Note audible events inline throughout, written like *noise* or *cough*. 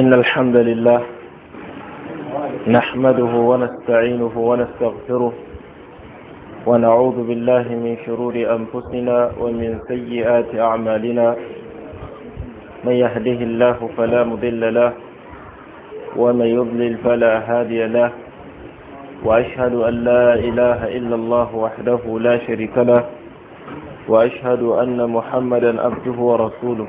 إن الحمد لله نحمده ونستعينه ونستغفره ونعوذ بالله من شرور أنفسنا ومن سيئات أعمالنا من يهده الله فلا مضل له ومن يضلل فلا هادي له وأشهد أن لا إله إلا الله وحده لا شريك له وأشهد أن محمدا عبده ورسوله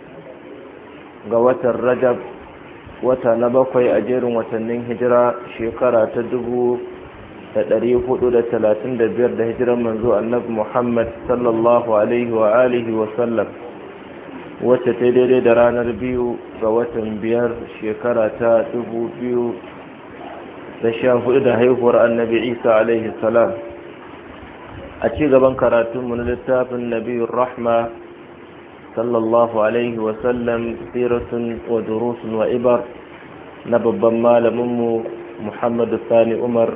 ga watan rajab wata na bakwai a jerin watannin hijira shekara ta dubu da ɗari hudu da talatin da biyar da hijiran manzo annabi muhammad sallallahu alaihi wa alihi wa sallam wacce ta daidai da ranar biyu ga watan biyar shekara ta dubu biyu da sha hudu da haihuwar annabi isa alaihi salam a ci gaban karatunmu na littafin nabi rahma صلى الله عليه وسلم سيرة ودروس وإبر نبب مال ممو محمد الثاني عمر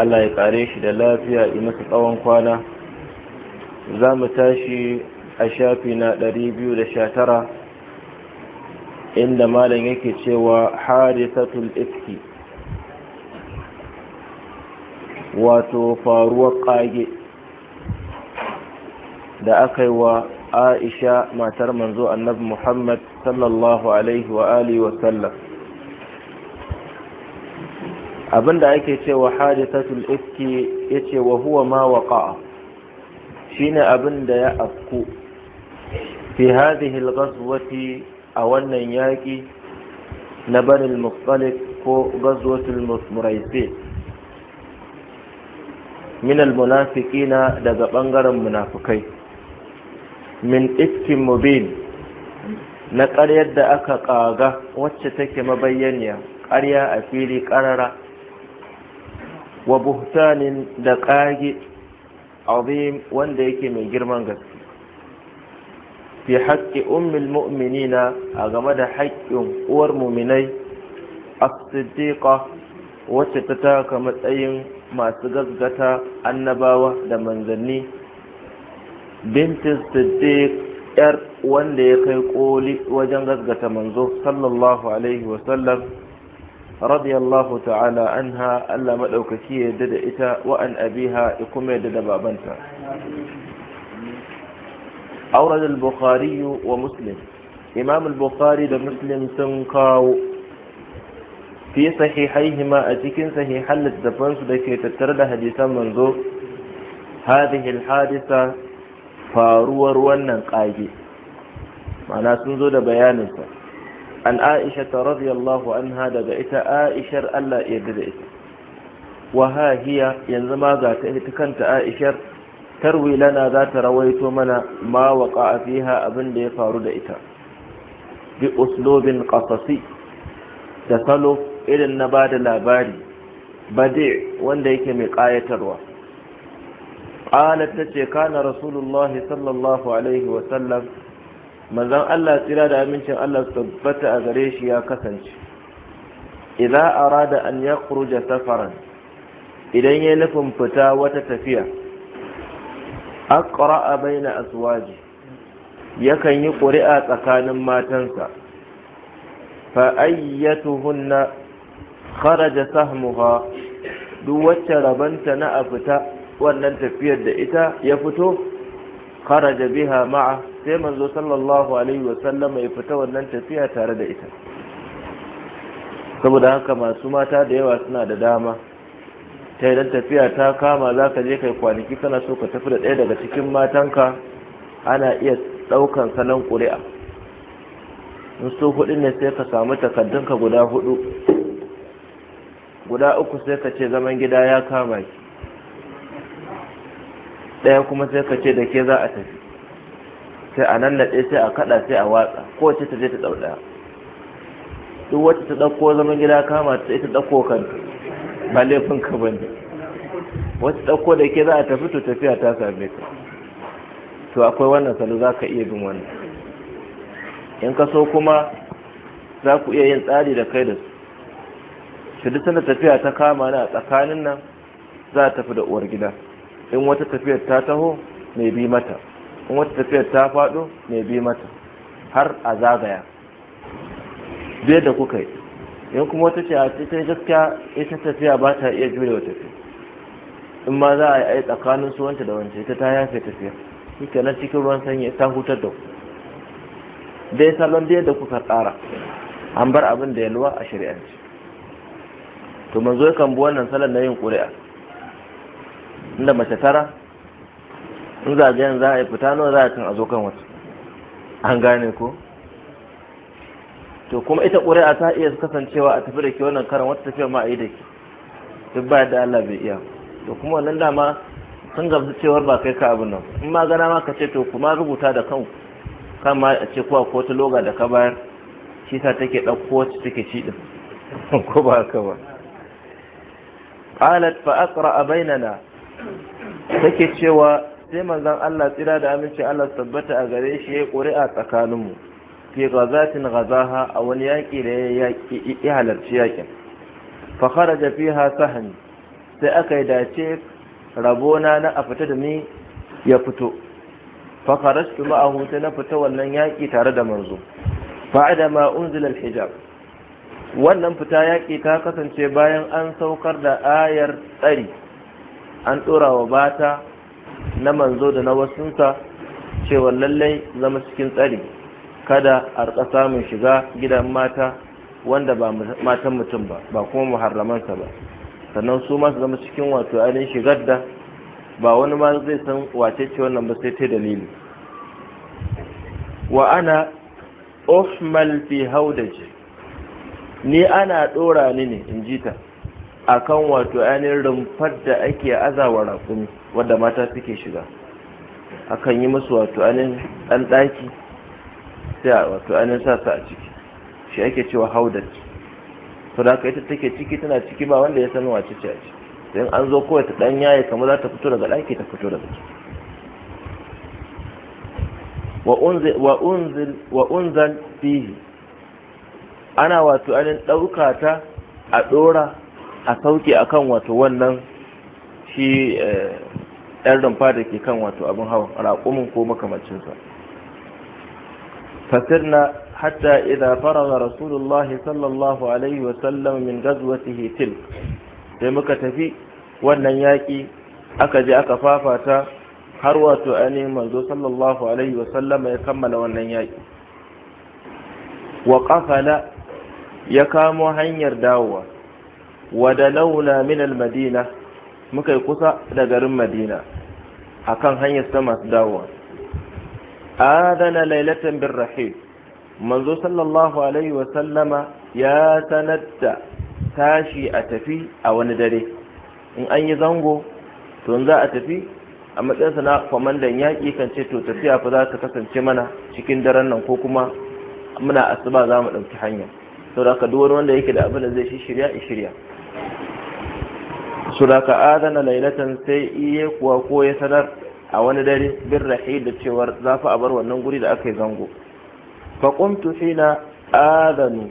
الله يقاريش دلافيا إمس قوان قوانا زام تاشي أشافنا لريبيو لشاترة إن مال يكي حادثة الإفكي وتوفار faruwar da aka yi wa aisha matar manzo annabi muhammad sallallahu alaihi wa alihi wa sallam abinda ake cewa hadisatul iski yace wa huwa ma waqa'a shine abinda ya afku fi hadhihi al-ghazwati a wannan yaki na banil mustalik ko ghazwatul muraisi min al-munafiqina daga bangaren munafikai min ifkin mubin na ƙaryar da aka ƙaga wacce take mabayyaniya ƙarya a fili ƙarara wa buhtanin da ƙage azim wanda yake mai girman gaske fi haƙƙi ummul mu'minina a game da haƙƙin uwar muminai as-siddiqa wacce ta taka matsayin masu gaggata annabawa da manzanni bintin siddiq yar wanda ya kai koli wajen gaggata manzo sallallahu alaihi wasallam radiyallahu ta'ala anha Allah maɗaukaki ya yarda da ita wa an abiha ya kuma yarda da babanta أورد البخاري ومسلم إمام البخاري ومسلم سنقاو في صحيحيهما أتكن صحيحا لتدفنس لكي تترد حديثا منذ هذه الحادثة faruwar wannan ƙage mana sun zo da bayaninsa an aisha ta radiyallahu anha daga ita aishar Allah yadda da ita wa yanzu ma ga ta ita kanta aishar tarwi lana za ta rawaito mana ma a fiha abin da ya faru da ita bi uslobin qasasi da salo irin na bada labari bade wanda yake mai ƙayatarwa qalat tace kana rasulullah sallallahu alaihi wa sallam manzon Allah tsira da amincin Allah tabbata a gare shi ya kasance idza arada an yakhruja safaran idan ya nufin fita wata tafiya aqra'a baina aswaji yakan yi ƙuri'a tsakanin matansa fa ayyatuhunna kharaja sahmuha duk wacce rabanta na a fita wannan tafiyar da ita ya fito kharaja biha ma'a sai manzo sallallahu alaihi wa sallam! ya fita wannan tafiya tare da ita saboda haka masu mata da yawa suna da dama ta idan tafiya ta kama za ka je kai kwanaki kana so ka tafi da ɗaya daga cikin matanka ana iya ɗaukan salon ƙuri'a in so ne sai ka samu takardunka guda hudu guda uku sai ka ce zaman gida ya kama ki ɗaya kuma sai ka ce da ke za a tafi sai a nallaɗe sai a kaɗa sai a watsa ce ta je ta ɗauɗa ɗaya duk wacce ta ɗauko zaman gida kama ta ita ɗauko kanta ba laifin ka ba ne wacce ɗauko da ke za a tafi to tafiya ta same ka to akwai wannan salo za ka iya bin wannan in ka so kuma za ku iya yin tsari da kai da su shi duk sanda tafiya ta kama na a tsakanin nan za a tafi da uwar gida in wata tafiyar ta taho mai bi mata in wata tafiyar ta faɗo mai bi mata har a zagaya biyar da kuka yi in kuma wata ce a cikin gaskiya ita tafiya ba ta iya jure wa tafiya in ma za a yi tsakanin su wanta da wanta ita ta yafe tafiya shike na cikin ruwan sanyi ta hutar da ku dai salon biyar da kuka tsara an bar abin da yalwa a shari'anci to manzo kan bi wannan salon na yin ƙuri'a inda mace tara in zagayen za a yi fita nawa za a kan a zo kan wata an gane ko to kuma ita ƙuri'a ta iya kasancewa a tafi da ke wannan karan wata tafiya ma a yi da ke duk ba da Allah bai iya to kuma wannan dama sun gamsu cewar ba kai ka abin nan in ma gana ma ka ce to kuma rubuta da kan kan ma a ce kuwa ko ta loga da ka bayar shi ta take ɗauko wacce take ci ɗin *laughs* ko ba haka ba قالت fa بيننا take cewa sai manzon Allah tsira da aminci Allah tabbata a gare shi ya ƙuri'a tsakaninmu fi gazatin ghazaha a wani yaƙi da ya halarci yaƙin fa kharaja fiha sahani sai aka yi dace rabona na a fita da ni ya fito fa kharajtu ma'ahu sai na fita wannan yaƙi tare da manzo fa ma unzila al-hijab wannan fita yaƙi ta kasance bayan an saukar da ayar tsari an ɗora wa bata na manzo da na wasunsa cewa lallai zama cikin tsari kada a rika samun shiga gidan mata wanda ba matan mutum ba ba kuma muharramansa ba sannan su masu zama cikin wato ainihin shigar da ba wani ma zai san wace ce wannan ba sai ta dalili wa ana ofmal fi haudaji ni ana ɗora ni ne in ji ta akan wato ainihin rumfar da ake azawa rakumi wadda mata suke shiga akan yi musu wato ainihin ɗan ɗaki sai a wato ainihin sa su a ciki shi ake cewa haudat to da aka ita take ciki tana ciki ba wanda ya san wace ce a ciki sai an zo kowace ta ɗan yaye kamar za ta fito daga ɗaki ta fito daga ciki wa unzal fihi ana wato ainihin ɗauka ta a ɗora a sauke akan wato wannan shi eh, ɗan rumfa da ke kan wato abin hawan raƙumin ko makamancinsa fasirna hatta idan faraga rasulullahi sallallahu alaihi wasallam min gazwatihi hitil, sai muka tafi wannan yaƙi aka je aka fafata har wato ainihin manzo sallallahu alaihi wasallam ya kammala wannan yaƙi wa ya kamo hanyar dawowa wadalaula min madina muka yi kusa da garin madina akan hanyar ta masu dawowa adana lailatan bin rahim manzo sallallahu alaihi wa sallama ya sanatta, tashi a tafi a wani dare in an yi zango to za a tafi a matsayinsa na kwamandan yaƙi kan ce to tafiya fa za ta kasance mana cikin daren nan ko kuma muna asuba za mu ɗauki hanya saboda haka duk wanda yake da abin da zai shi shirya shirya su ka adana lailatan sai iya kuwa ko ya sanar a wani dare bin rahi da cewar za fa a bar wannan guri da aka yi zango faƙumtu hina adanu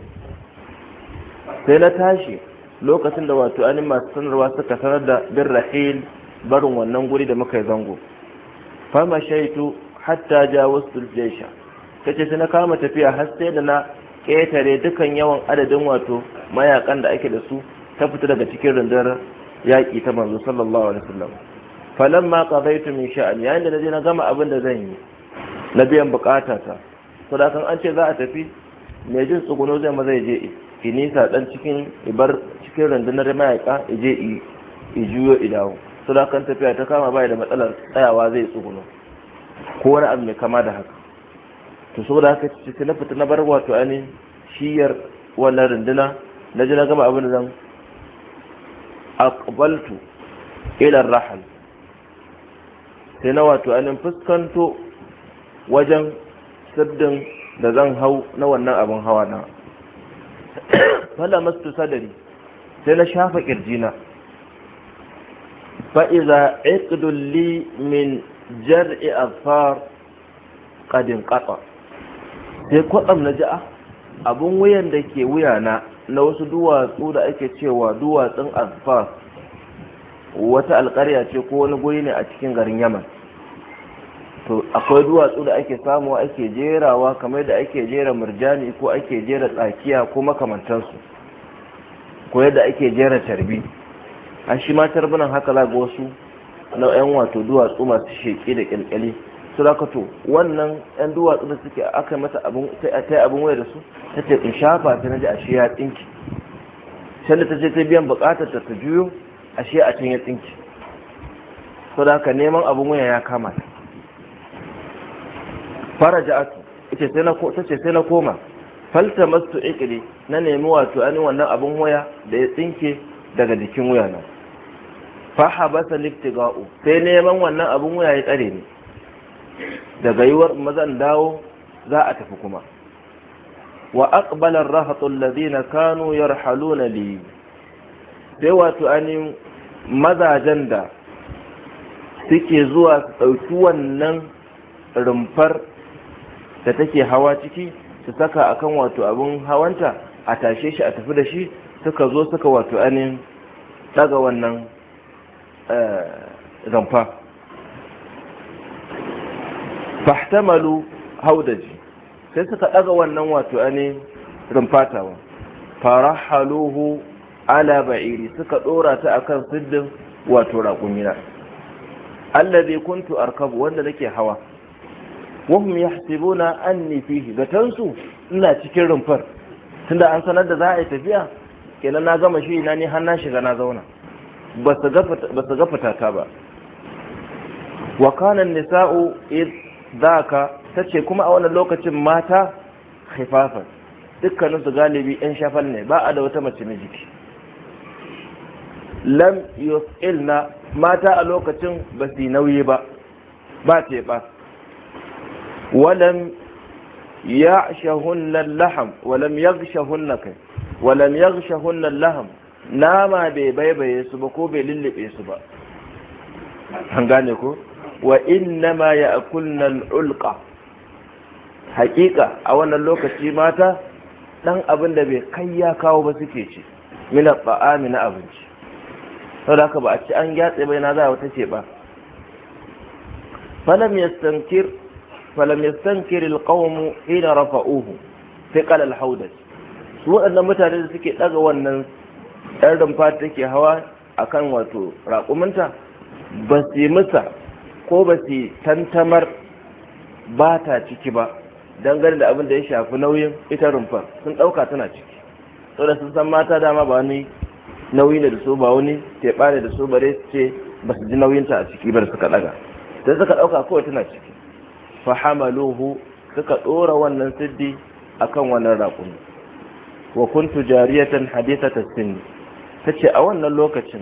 sai na tashi lokacin da wato an masu sanarwa suka sanar da bin rahil barin wannan guri da muka yi zango fama shaitu hatta ja wasu jesha ta sai na kama tafiya har sai da na ƙetare dukan yawan adadin wato mayakan da ake da su ta fita daga cikin rundunar yaƙi ta manzo sallallahu alaihi wasallam falan ma qadaitu min sha'an yayin da naje na gama abin da zan yi na biyan ta to da kan an ce za a tafi mai jin tsuguno zai ma zai je ki nisa dan cikin ibar cikin rundunar mayaka je i juyo idawo to da kan tafiya ta kama bai da matsalar tsayawa zai tsuguno ko wani abu mai kama da haka to saboda haka ci na fita na bar wato ainihin shiyar wannan runduna na ji na gama abin da zan aqbaltu ila rahal sai na wato ainihin fuskanto wajen sirdin da zan hau na wannan abin hawa na *coughs* fala sadari sai na shafa kirjina fa'iza iqdun li min jar'i afar qadin qata sai kwatsam na a? Ah, abun wuyan da ke wuyana na wasu duwatsu da ake cewa duwatsun azfar wata alƙarya ce ko wani guri ne a cikin garin yaman to akwai duwatsu da ake samu ake jerawa kamar da ake jera murjani ko ake jera tsakiya ko makamantansu ko yadda ake jera tarbi an shi ma tarbunan haka ga wasu na 'yan wato duwatsu masu sheƙi da ƙyalƙyali sulakato wannan yan duwatsu da suke aka mata abin ta abin waya da su ta ce in shafa ta naji ashe ya tsinki sanda ta ce ta biyan bukatar ta juyo ashe a can ya tsinki saboda neman abin waya ya kama ta fara ji sai na ko tace sai na koma masu ikri na nemi wato ainihin wannan abin waya da ya tsinke daga jikin waya na fahabasa habasa liftiga'u sai neman wannan abin waya ya tsare ni daga yiwuwar mazan dawo za a tafi kuma wa akbalar rahatun lazina kanu yarhaluna liyu sai wato ani mazajen da suke zuwa su ɗauki wannan rumfar da take hawa ciki su saka akan wato abin hawanta a tashe shi a tafi da shi suka zo suka wato anin daga wannan eh, rumfa fahtamalu haudaji sai suka daga wannan wato ane rumfatawa farahaluhu ala ba'iri suka dora ta akan siddin wato raƙumina allazi kuntu arkabu wanda nake hawa wahum yahsibuna anni fihi gatansu ina cikin rumfar tunda an sanar da za a yi tafiya kenan na gama shi na ni hannun shiga na zauna ba su gafata ta ba wa kana nisa'u zaka tace kuma a wannan lokacin mata haifafan, dukkanin galibi yan shafal ne ba a da wata mace mai jiki. lam na mata a lokacin ba su nauyi ba ba ce ba walam ya shahunan laham walam ya shahunan kai walam ya shahunan laham nama bai baibaye su ba ko bai lullube su ba an gane ko wa innama ya kunnan ulka Haƙiƙa, a wannan lokaci mata dan abin da bai kai ya kawo ba suke ci milan ba'ami na abinci sau da ba a ci an gyatse bai na za a wata ce ba falam yastankir falam yastankir alqawmu hina rafa'uhu thiqal alhawdat su waɗannan mutane da suke ɗaga wannan ɗan rumfa take hawa akan wato raƙuminta ba su yi musa ko ba su tantamar ba ta ciki ba don gani da abin da ya shafi nauyin ita rumfar sun ɗauka tana ciki saboda sun san mata dama ba wani nauyi ne da su ba wani teɓa ne da su bare ce ba su ji nauyinta a ciki ba da suka ɗaga sai suka ɗauka ko tana ciki fahamaluhu suka ɗora wannan siddi akan wannan raƙumi wa kuntu jariyatan hadithata sinni ce a wannan lokacin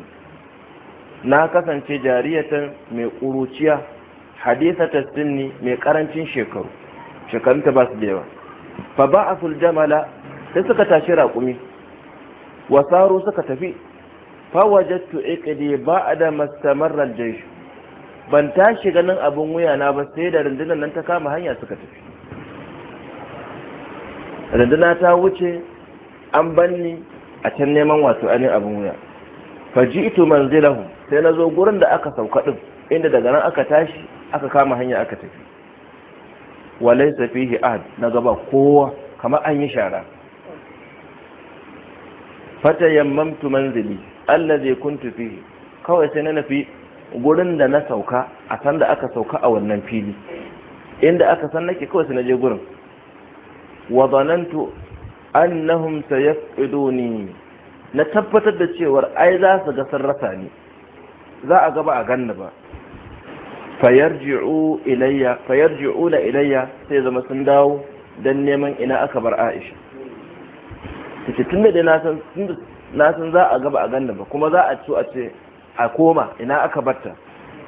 na kasance jariyatan mai ƙuruciya hadisa tasdinni mai ƙarancin shekaru shekarunta ba su da yawa fa ba a jamala sai suka tashi raƙumi wasaro suka tafi fawajattu iqdi ba a da mastamarra jaishu ban tashi ganin abin wuya na ba sai da rundunar nan ta kama hanya suka tafi runduna ta wuce an banni a can neman wato ainihin abin wuya faji'tu manzilahum sai nazo gurin da aka sauka din inda daga nan aka tashi aka kama hanya aka tafi walaysa fihi ahad na gaba kowa kamar an yi shara fatayammamtu manzili allazi kuntu fihi kawai sai na nafi gurin da na sauka a san da aka sauka a wannan fili inda aka san nake kawai sai na je gurin wa dhanantu annahum sayafqiduni na tabbatar da cewar ai za su ga sarrafa ne, za a gaba a ganna ba fayarji'u ilayya fayarji'u ilayya sai zama sun dawo dan neman ina aka bar Aisha tace tunda dai na san na san za a gaba a ganna ba kuma za a ci a ce a koma ina aka barta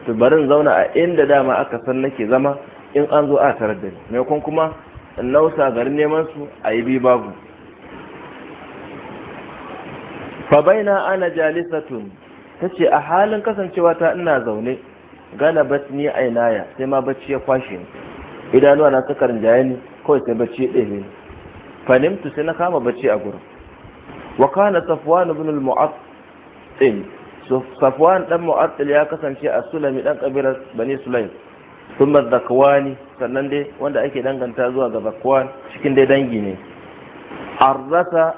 to barin zauna a inda dama aka san nake zama in an zo a tarar da ni maimakon kuma in nausa garin neman su a yi bi babu fa baina ana jalisatun ce a halin kasancewa ta ina zaune Gana bat ni ainaya sai ma bacci ya kwashe idanuwa na suka ni kawai sai bacci ya ɗebe ni fanimtu sai na kama bacci a gurin wa kana safwan ibn al-mu'attil safwan dan mu'attil ya kasance a sulami dan kabilar bani sulaim kuma zakwani sannan dai wanda ake danganta zuwa ga zakwan cikin dai dangi ne arrasa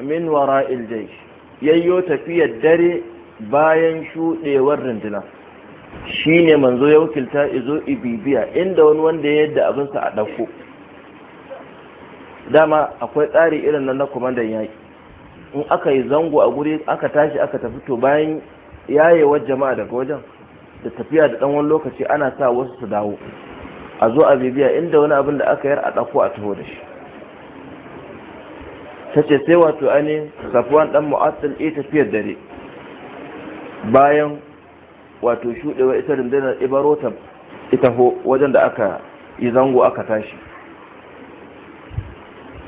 min wara'il jaysh yayyo tafiyar dare bayan shuɗewar runduna shi ne manzo ya wakilta izo ibibiya inda wani wanda ya yadda abinsa a ɗauko dama akwai tsari irin nan na kwamandan yaƙi in aka yi zango a guri aka tashi aka tafi to bayan yayewar jama'a daga wajen da tafiya da ɗan wani lokaci ana sa wasu su dawo a zo a bibiya inda wani abin da aka yar a ɗauko a taho da shi ta ce sai wato ainihin safuwan dan mu'attal iya tafiyar dare bayan wato shudewa ita rundunar ibarota ita ho wajen da aka yi zango aka tashi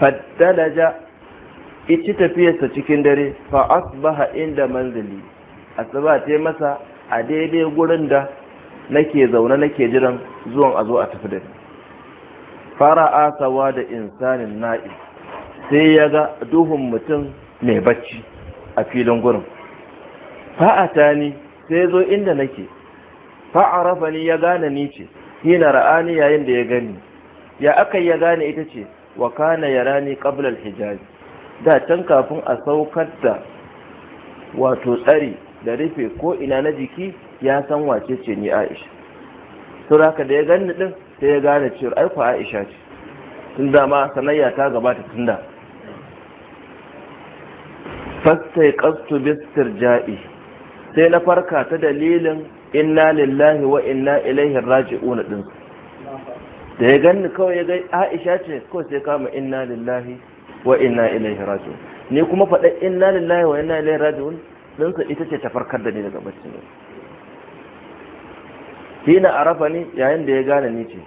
faddalaja ici tafiyarsa cikin dare fa asbaha inda manzili asuba ta masa a daidai gurin da nake zaune nake jiran zuwan a zo a tafi dare fara asawa da insanin na'i sai ya ga duhun mutum mai bacci a filin gurin fa'ata ni sai zo inda nake fa'arafa rafani ya gane ni ce hina ra'ani yayin da ya gani ya aka ya gane ita ce wa kana rani qabla hijabi da can kafin a saukar da wato tsari da rufe ko ina na jiki ya san wace ce ni Aisha saboda da ya gani din sai ya gane cewa aiko Aisha ce tun dama sanayya ta gabata tun da fassai kasu bisir ja'i sai na farka ta dalilin inna lillahi wa inna ilaihi raji'un din da ya ganni kawai ya ga Aisha ce ko sai kama inna lillahi wa inna ilaihi raji'un ni kuma faɗa inna lillahi wa inna ilaihi raji'un din sa ita ce ta farkar da ni daga bacci ne hina arafa ni yayin da ya gane ni ce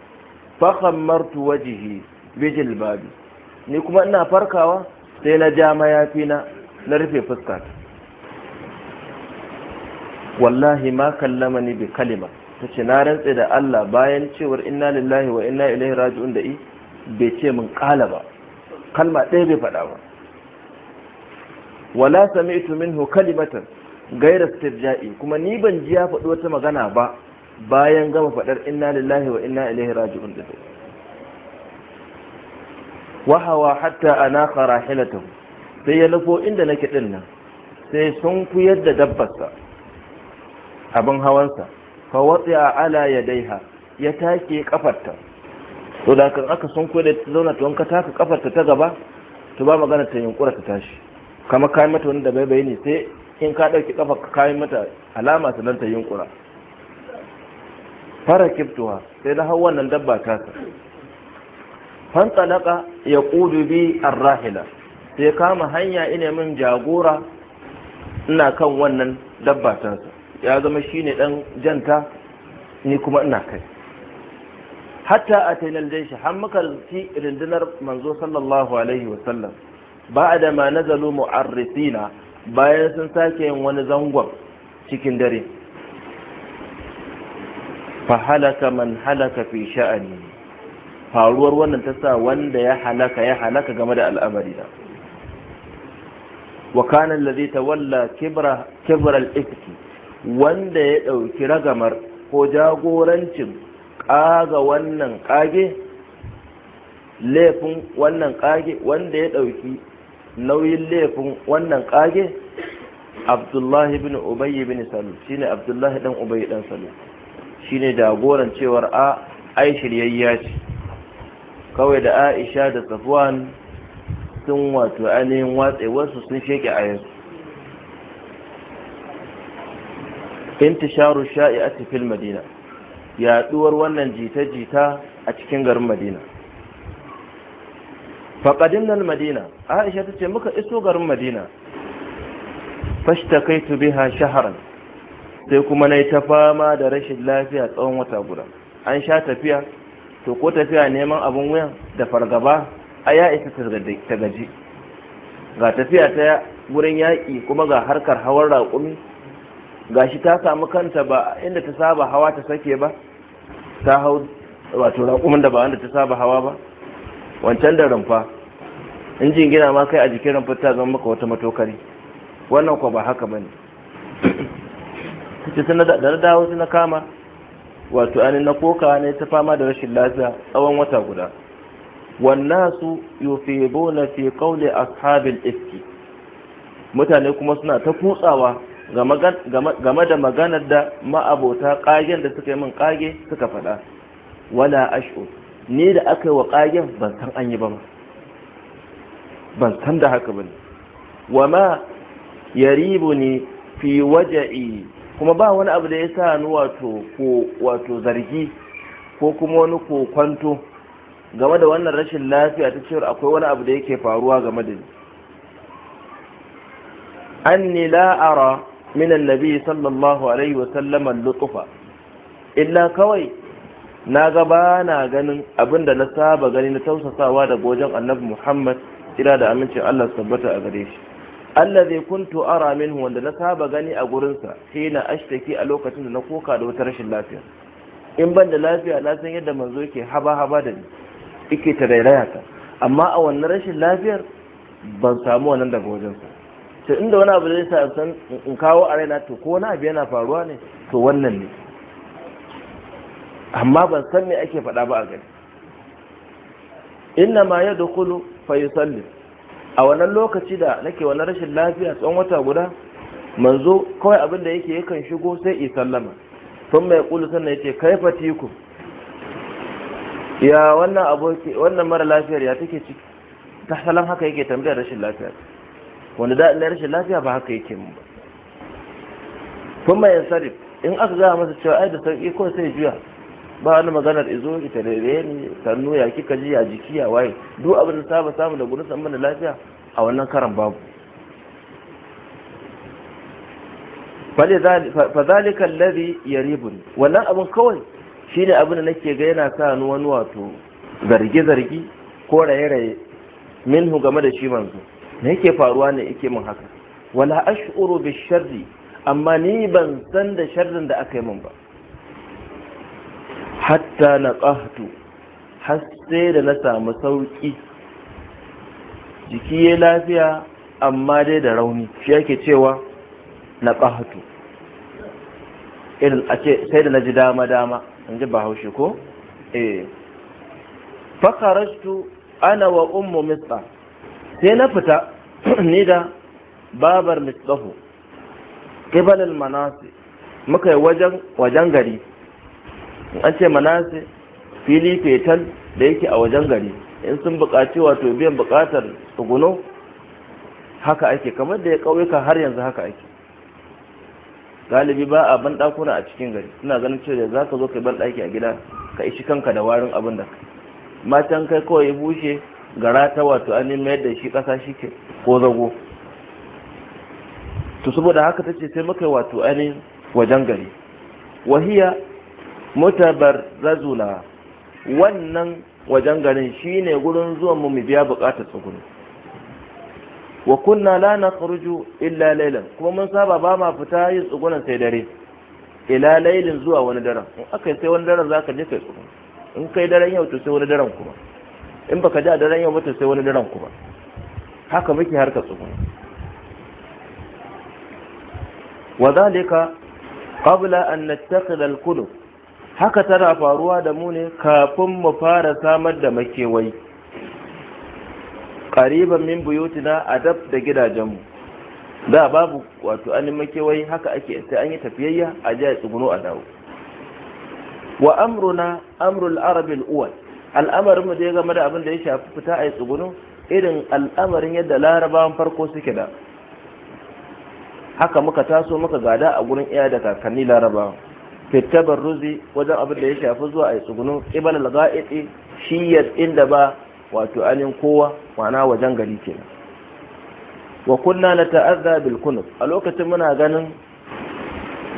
fa khammartu wajhi bi jilbabi ni kuma ina farkawa sai na ja mayafi na na rufe fuska wallahi ma kallama ni bi kalima ta ce na rantse da Allah bayan cewar inna lillahi wa inna ilaihi raji'un da i bai ce min kala ba kalma ɗaya bai faɗa ba wala sami'tu minhu kalimatan gaira stirja'i kuma ni ban ji ya faɗi wata magana ba bayan gama faɗar inna lillahi wa inna ilaihi raji'un da wa hawa hatta ana kharahilatahu sai ya nufo inda nake din nan sai sun kuyar da dabbarsa abin hawansa fa a ala yadaiha ya take kafarta to da kan aka sun kuyar da ta zauna to ka taka kafarta ta gaba to ba magana ta yunkura ta tashi kama kayan mata wanda bai bai ne sai in ka ɗauki kafar ka kayan mata alama nan ta yunkura fara kiftuwa sai na hau wannan dabba ta fantsalaka ya kudu bi rahila. sai kama hanya ina min jagora ina kan wannan dabbatansa ya zama shine ɗan janta ni kuma ina kai hatta ataina aljayshi har muka fi rundunar manzo sallallahu alaihi wa sallam da ma zalo mu'arrisina bayan sun sake yin wani zangon cikin dare fa halaka man halaka fi sha'ani faruwar wannan ta sa wanda ya halaka ya halaka game da al'amari wa kana allazi tawalla kibra kibra al-ifki wanda ya dauki ragamar ko jagorancin kaga wannan kage laifin wannan kage wanda ya dauki nauyin laifin wannan kage abdullahi bin ubayy bin salul shine abdullahi dan ubayy dan salul shine jagoran cewar a ai ce kawai da aisha da safwan sun wato ainihin watsa wasu sun sheke a yanzu intisharu a fil madina yaduwar wannan jita-jita a cikin garin madina faƙadin nan madina aisha ta ce muka iso garin madina fashtakaitu biha shaharan sai kuma na ta fama da rashin lafiya tsawon wata guda an sha tafiya to ko tafiya neman abin wuyan da fargaba a ya isa ta gaji ga tafiya ta wurin yaƙi kuma ga harkar hawan raƙumi ga shi ta samu kanta ba inda ta saba hawa ta sake ba ta hau wato raƙumin da ba wanda ta saba hawa ba wancan da rumfa injin gina ma kai a jikin rumfa ta zama maka wata matokari wannan kwa ba haka ba ne da na dawo na kama wato anin na koka ne ta fama da rashin lafiya tsawon wata guda wannasu na fi a ashabil iski. mutane kuma suna ta kutsawa game da maganar da ma'abota kagen da suka yi min kage suka faɗa wala ashu ni da aka yi wa kagen ban san an yi ba ma ban san da haka bane wa ma yaribu ni fi waja'i kuma ba wani abu da ya sa ni wato ko wato zargi ko kuma wani kokwanto game da wannan rashin lafiya ta cewar akwai wani abu da yake faruwa game da ni anni la ara min annabi sallallahu alaihi wa al lutufa illa kawai na ga ba na ganin abin da na saba gani na tausasawa daga wajen annabi muhammad kira da amincin allah tabbata a gare shi allazi kuntu ara min wanda na saba gani a gurinsa na ashtaki a lokacin da na koka da wata rashin lafiya in ban da lafiya na san yadda manzo yake haba haba da ni ta rairaya ta amma a wannan rashin lafiyar ban samu wannan daga wajensa ta inda wani abu zai sa san in kawo a raina to ko wani abu yana faruwa ne to wannan ne amma ban san me ake faɗa ba a gani. inna ma ya dukulu Kulu, yusalli a wannan lokaci da nake wannan rashin lafiya tsawon wata guda manzo kawai abin da yake yakan shigo sai isallama sallama sun mai kulu sannan ce kaifa tikun ya wannan aboki wannan mara lafiyar ya take ciki ta salam haka yake tambayar rashin lafiya wanda da ina rashin lafiya ba haka yake mu ba kuma ya sarif in aka gaya masa cewa ai da sauki ko sai juya ba wani maganar izo ita da ne sannu ya kika ji ya jiki ya waye duk abin da saba samu da gurin samu da lafiya a wannan karan babu fa zalika alladhi yaribun wannan abin kawai shi ne abin da nake ga yana sa ni wani wato zarge zargi ko raye-raye minhu game da shi manzo na yake faruwa ne yake min haka wala ash'uru bi sharri amma ni ban san da sharrin da aka yi min ba hatta na qahtu har sai da na samu sauki jiki ya lafiya amma dai da rauni shi yake cewa na qahtu irin a ce sai da na ji dama-dama in ji bahaushe ko eh fakarashtu ana wa ummu mitsa sai na fita *clears throat* ni da babar mitsahu kibalin manasi muka yi wajen wajen gari an ce manasi fili fetal da yake a wajen gari in sun buƙaci wato biyan buƙatar tsuguno haka ake kamar da ya ƙauyuka har yanzu haka ake galibi ba a ban dakuna a cikin gari suna ganin cewa za ka zo ka ban daki a gida ka ishi kanka da warin abin da matan kai kawai ya bushe gara ta wato an mayar da shi kasa shi ke ko zago to saboda haka ta ce sai muka wato yi wajen gari wahiya mutabar razula wannan wajen garin shi ne gurin zuwan mu mu biya bukatar tsuguni wa kunna la nakhruju illa laylan kuma mun saba ba ma fita yin tsugunan sai dare ila laylin zuwa wani daren in aka yi sai wani daren zaka je kai tsugun in kai daren yau to sai wani daren kuma in baka ji a daren yau ba to sai wani daren kuma haka muke harka tsugun wa zalika qabla an nattakhid al haka tana faruwa da mu ne kafin mu fara samar da makewai. qariban min buyutina adab da gidajenmu da babu wato an makewai haka ake sai an yi tafiyayya a ji a tsuguno a dawo wa amruna amrul arabil uwal al'amarin mu da game da abin da ya shafi fita a tsuguno irin al'amarin yadda larabawan farko suke da haka muka taso muka gada a gurin iya da kakanni larabawa fitabar ruzi wajen abin da ya shafi zuwa a tsuguno ibal al shiyar inda ba wato alin kowa ma'ana wajen gari ke kenan wa kunna nata'azza bil kunut a lokacin muna ganin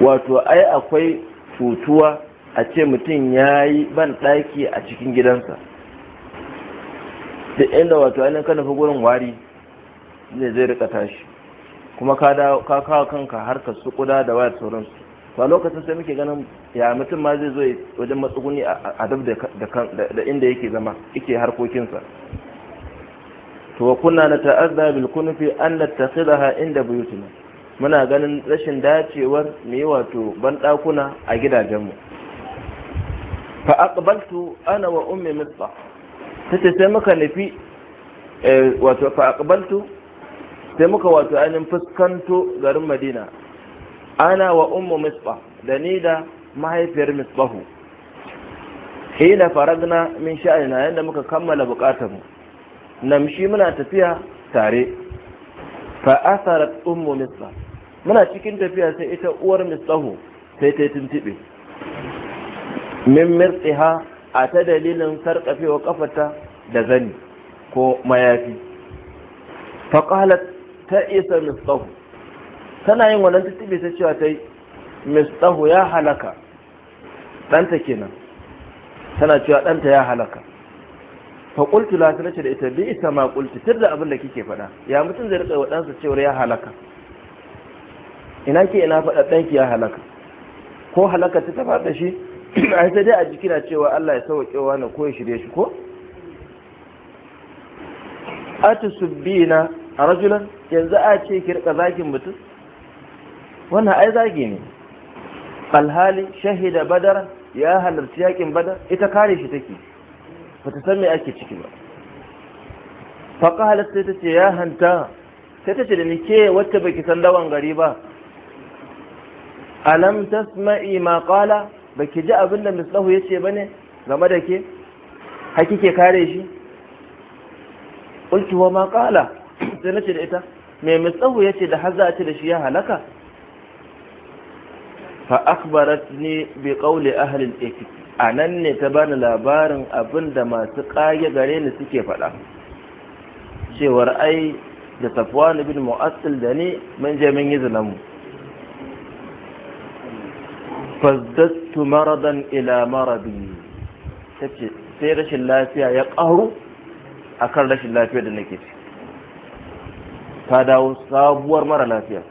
wato ai akwai cutuwa a ce mutum ya yi ban ɗaki a cikin gidansa Da inda wato ainihin ka nufi gurin wari ne zai rika tashi kuma ka kawo kanka ka su kuda da wayar sauransu a lokacin sai muke ganin ya mutum ma zai zo wajen matsuguni a dab da inda yake zama yake harkokinsa to wa kunna na ta'adda bil kunfi an nattakhidaha inda buyutina muna ganin rashin dacewar mu yi wato ban dakuna a gidajenmu fa aqbaltu ana wa ummi misbah tace sai muka nufi eh, wato fa aqbaltu sai muka wato ainihin fuskanto garin madina ana wa ummi misbah da ni da mahaifiyar misbahu hina faragna min sha'ina yadda muka kammala bukatar mu namshi muna tafiya tare fa asarat ummu misbah muna cikin tafiya sai ita uwar misbahu sai ta tuntube min mirtsiha a ta dalilin sarkafewa kafata da zani ko mayafi qalat ta isa misbahu tana yin wannan tuntube ta cewa ta yi ya halaka ɗanta kenan tana cewa ɗanta ya halaka fa qultu la ce da ita bi isa ma tir da abin da kike faɗa ya mutum zai rika wa ɗansa cewar ya halaka ina ke ina faɗa ɗanki ya halaka ko halaka ta tafa da shi a *clears throat* yi dai a jiki na cewa Allah ya sauke wa na ko ya shirye shi ko a rajulan yanzu a ce ki rika zagin mutum wannan ai zagi ne alhali shahida badara ya halarci yakin bada ita kare shi take ba ta san me ake ciki ba faƙalar sai ta ce ya hanta sai ta ce da nike wacce baki san lawan gari ba alam tasma'i ma qala baki ji abin da mislahu yace bane game da ke ke kare shi qultu wa ma qala *clears throat* sai ce da ita me mislahu yace da har za a ce da shi ya halaka fa akhbaratni bi qawli ahli al A anan ne ta bani labarin abinda masu kage gare ni suke faɗa cewar ai da safwan ibn mu'assil da ni mun je mun yi zinamu fazdattu maradan ila maradi tace sai rashin lafiya ya ƙaru akan rashin lafiya da nake ci ta dawo sabuwar mara lafiya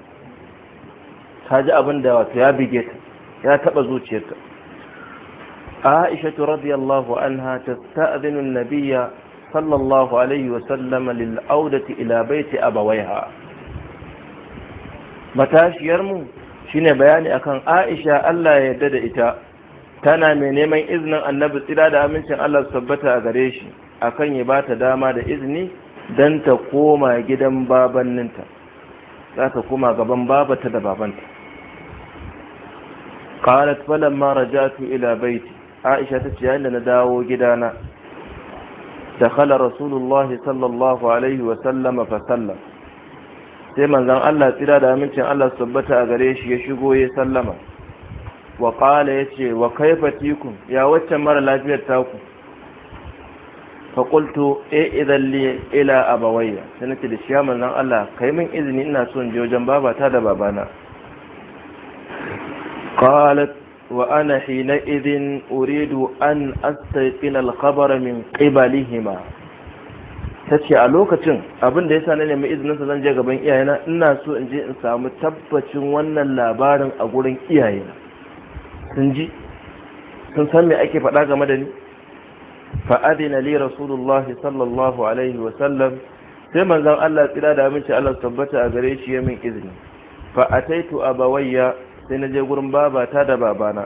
ta ji abin da wato ya bige ta ya taba zuciyarta aisha radiyallahu anha ta an-nabiyya sallallahu alaihi wa sallam lil audati ila baiti abawaiha matashiyar mu shine bayani akan aisha Allah ya yarda da ita tana mai neman iznin annabi tsira da amincin Allah su tabbata a gare shi akan ya bata dama da izini dan ta koma gidan babanninta za ta koma gaban babata da babanta qalat falamma rajatu ila baiti aisha tace yayin da na dawo gidana dakhala rasulullahi sallallahu alaihi wa sallama fa sallam sai manzon Allah tsira da amincin Allah tabbata a gare shi ya shigo ya sallama wa qala yace wa kaifa tikum ya wacce mara lafiyar taku fa qultu e idan li ila abawayya sai nace da shi manzon Allah kai min izini ina son in je wajen babata da babana قالت وأنا حينئذ أريد أن أستيقن الخبر من قبلهما tace a lokacin abin da yasa na nemi sa zan je gaban iyayena ina so in je in samu tabbacin wannan labarin a gurin iyayena sun ji sun san me ake faɗa game da ni fa adina li rasulullahi sallallahu alaihi wa sallam sai manzon Allah tsira da aminci Allah tabbata a gare shi ya min izini fa ataitu abawayya sai na je gurin babata da babana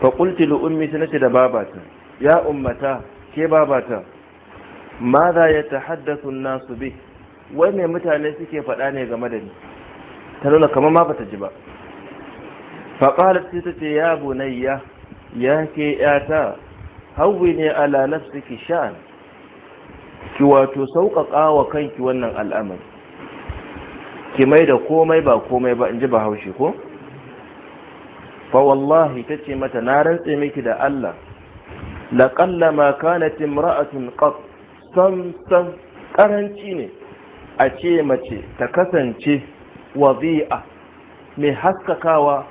fa qulti li ummi sanati da babata ya ummata ke babata ya tahaddathu an-nasu bi wai me mutane suke faɗa ne game da ni ta nuna kamar ma bata ji ba fa qalat sai tace ya bunayya ya ke yata hawwi ne ala nafsiki sha'an ki wato sauƙaƙa wa kanki wannan al'amari ki mai da komai ba komai ba in ji ba haushe ko fa wallahi tace mata na rantse miki da Allah laƙalla ma kanat imra'atun qat sam sam karanci ne a ce mace ta kasance wazi'a me haskakawa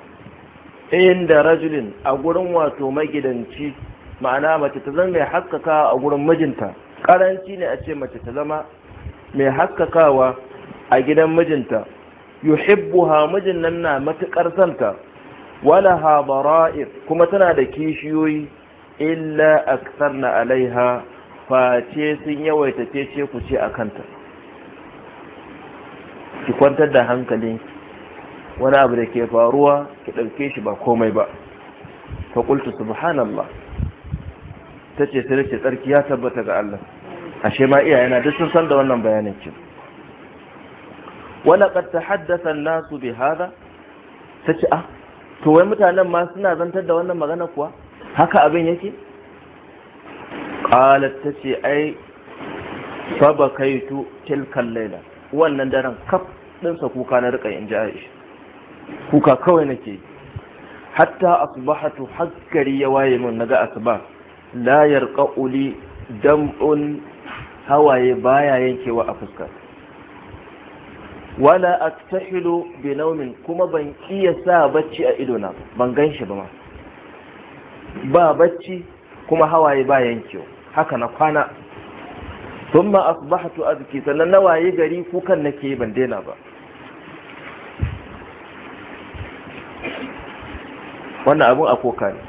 inda rajulin a gurin wato magidanci ma'ana mace ta zama mai haskakawa a gurin mijinta karanci ne a ce mace ta zama mai haskakawa a gidan mijinta yuhibbuha mijin nan na matukar santa wala ha bara'ir kuma tana da kishiyoyi illa aktharna alaiha face sun yawaita ce ku ce a kanta ki kwantar da hankali wani abu da ke faruwa ki ɗauke shi ba komai ba fa qultu subhanallah tace sai ce tsarki ya tabbata ga Allah ashe ma iyayena duk sun san da wannan bayanin ki wala qad tahaddatha an-nasu bi hadha tace ah to wai mutanen ma suna zantar da wannan magana kuwa haka abin yake qalat ta ce ai saba tu tilkan laila wannan daren kaf ɗinsa kuka na rika in ji kuka kawai nake hatta asbahatu hakkari ya waye mun naga asba la yarqauli dam'un hawaye baya yankewa a fuskar wala aktahilu bi naumin kuma ban iya sa bacci a ido na ban ganshi ba ma ba bacci kuma hawaye ba yankewa haka na kwana thumma asbahtu azki sannan na waye gari kukan nake ban daina ba wannan abun akoka ne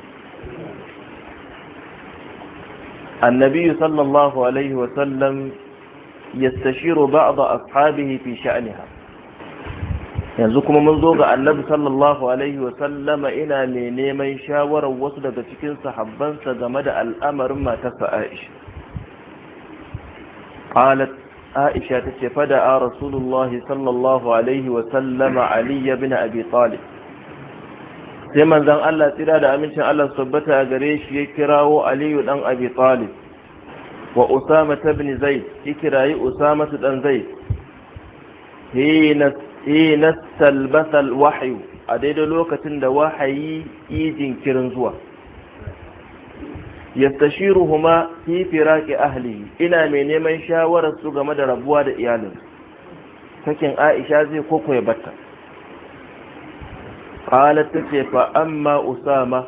annabi sallallahu alaihi wasallam يستشير بعض أصحابه في شأنها yanzu kuma mun zo ga annabi sallallahu alaihi wa ina mai neman shawarar wasu daga cikin sahabbansa game da al'amarin matarsa Aisha qalat Aisha tace fada a Rasulullahi sallallahu alaihi wa Ali ibn Abi Talib sai manzon Allah tsira da amincin Allah tabbata gare shi ya kirawo Aliyu dan Abi Talib wa Usama ibn Zaid ya kirayi Usama dan Zaid hina hina talbasal wahayu a daidai lokacin da wahayi yi jinkirin zuwa yastashiruhuma fi firaqi ahli ina mai neman shawarar su game da rabuwa da iyalin sakin Aisha zai koko ya batta qalat fa amma usama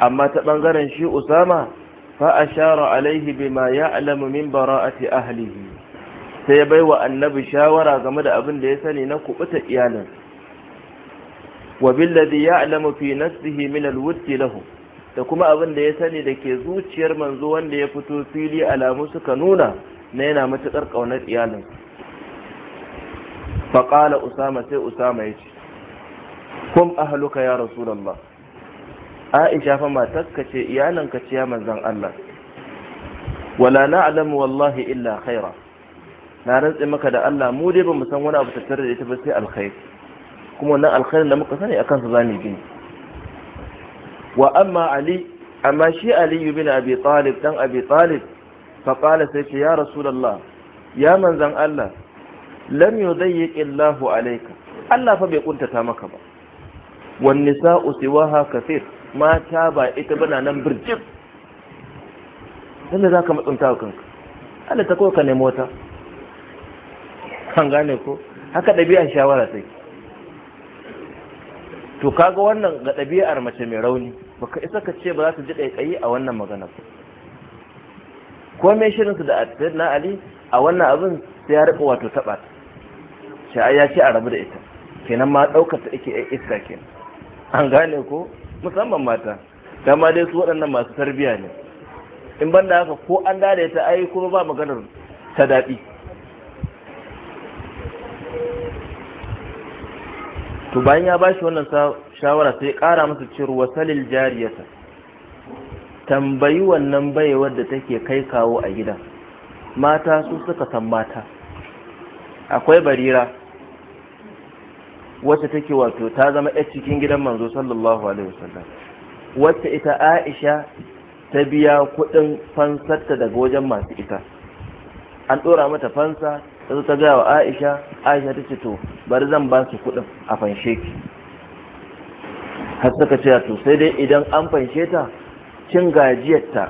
amma ta ɓangaren shi usama fa ashara alaihi bima ya'lamu min bara'ati ahlihi sai bai wa annabi shawara game da abin da ya sani na kubuta iyalin wa ya ya'lamu fi nafsihi min alwudd lahu da kuma abin da ya sani da ke zuciyar manzo wanda ya fito fili alamu suka nuna na yana matuƙar ƙaunar iyalin faƙala usama sai usama ya ce kum ahaluka ya rasulallah aisha fa matakka ce iyalanka ce ya manzan allah wala na na'lamu wallahi illa khaira na rantse maka da Allah mu dai bamu san wani abu tattare da ita ba sai alkhair kuma wannan alkhairin da muka sani akan sa zamu gini wa amma ali amma shi ali bin abi talib dan abi talib fa qala sai ce ya rasulullah ya manzan Allah lam yudayyiq Allahu alayka Allah fa bai kuntata maka ba wan nisa'u siwaha kathir mata ba ita bana nan birjib dan da zaka mutunta kanka Allah ta kowa ka nemo wata an gane ko haka ɗabi'ar shawara sai. to kaga wannan ga ɗabi'ar mace mai rauni baka isa ka ce ba za ta ji ƙaiƙayi a wannan magana ba ko mai shirinsu da na ali a wannan abin sai ya riƙa wato taɓa ta shi ya ce a rabu da ita kenan ma ɗaukar ta ake iska kenan an gane ko musamman mata dama dai su waɗannan masu tarbiyya ne in banda haka ko an dade ta ai kuma ba maganar ta daɗi to bayan ya bashi wannan shawara sai kara masa cewa wasalil jariyata tambayi wannan baiwar da take kai kawo a gida mata su suka san mata akwai barira wacce take wato ta zama yar cikin gidan manzo sallallahu alaihi wasallam wacce ita aisha ta biya kuɗin fansarta daga wajen masu ita an ɗora mata fansa sai ta gaya wa aisha aisha ta ce to bari zan ba su kuɗin a fanshe ki har suka ce to sai dai idan an fanshe ta cin gajiyarta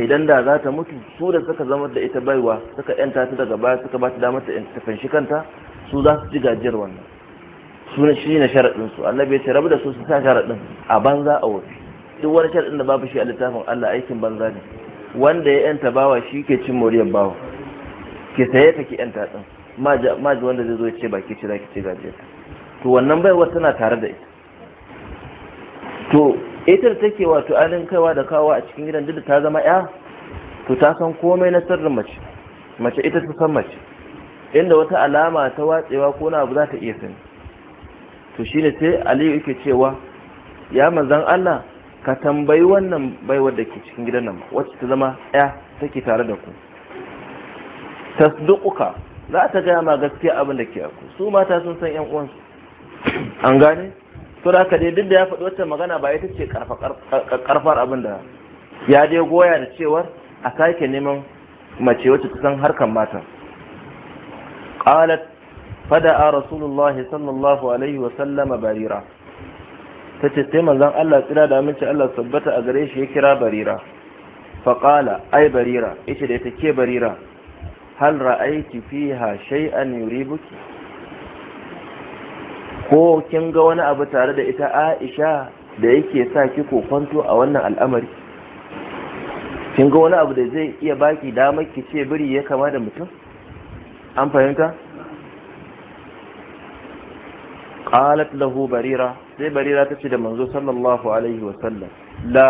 idan da za ta mutu su da suka zama da ita baiwa suka yanta ta daga baya suka ba ta damar ta fanshi kanta su za su ji gajiyar wannan su ne shi ne sharaɗin su annabi ya ce rabu da su su sa sharaɗin a banza a wofi duk wani sharaɗin da babu shi a littafin Allah aikin banza ne wanda ya yanta bawa shi ke cin moriyar bawa Ke saye ka ki yan tatsin ji wanda zai zo ya ce baki ce zaki ce gaje ta to wannan baiwar tana tare da ita to ita da take wato anin kaiwa da kawa a cikin gidan duk ta zama ya to ta san komai na sirrin mace mace ita ta san mace inda wata alama ta watsewa ko na abu za ta iya sani to shine sai aliyu yake cewa ya manzan allah ka tambayi wannan baiwar da ke cikin gidan nan wacce ta zama ya take tare da ku tasduquka za ta gaya ma gaskiya abin da ke aku su mata sun san yan uwansu an gane to da ka dai duk da ya faɗi wata magana ba ita ce karfar abin da ya dai goya da cewar a sake neman mace wacce ta san harkan mata qalat fada'a rasulullahi sallallahu alaihi wa sallama barira ta ce sai manzon Allah tsira da aminci Allah sabbata a gare shi ya kira barira faqala ai barira yace da take barira hal ra'aiki fiha shay'an yuribuki ko kin ga wani abu tare da ita Aisha da yake sa ki kokonto a wannan al'amari kin ga wani abu da zai iya baki damar ki ce biri ya kama da mutum an fahimta qalat lahu barira sai barira ta ce da manzo sallallahu alaihi wa sallam la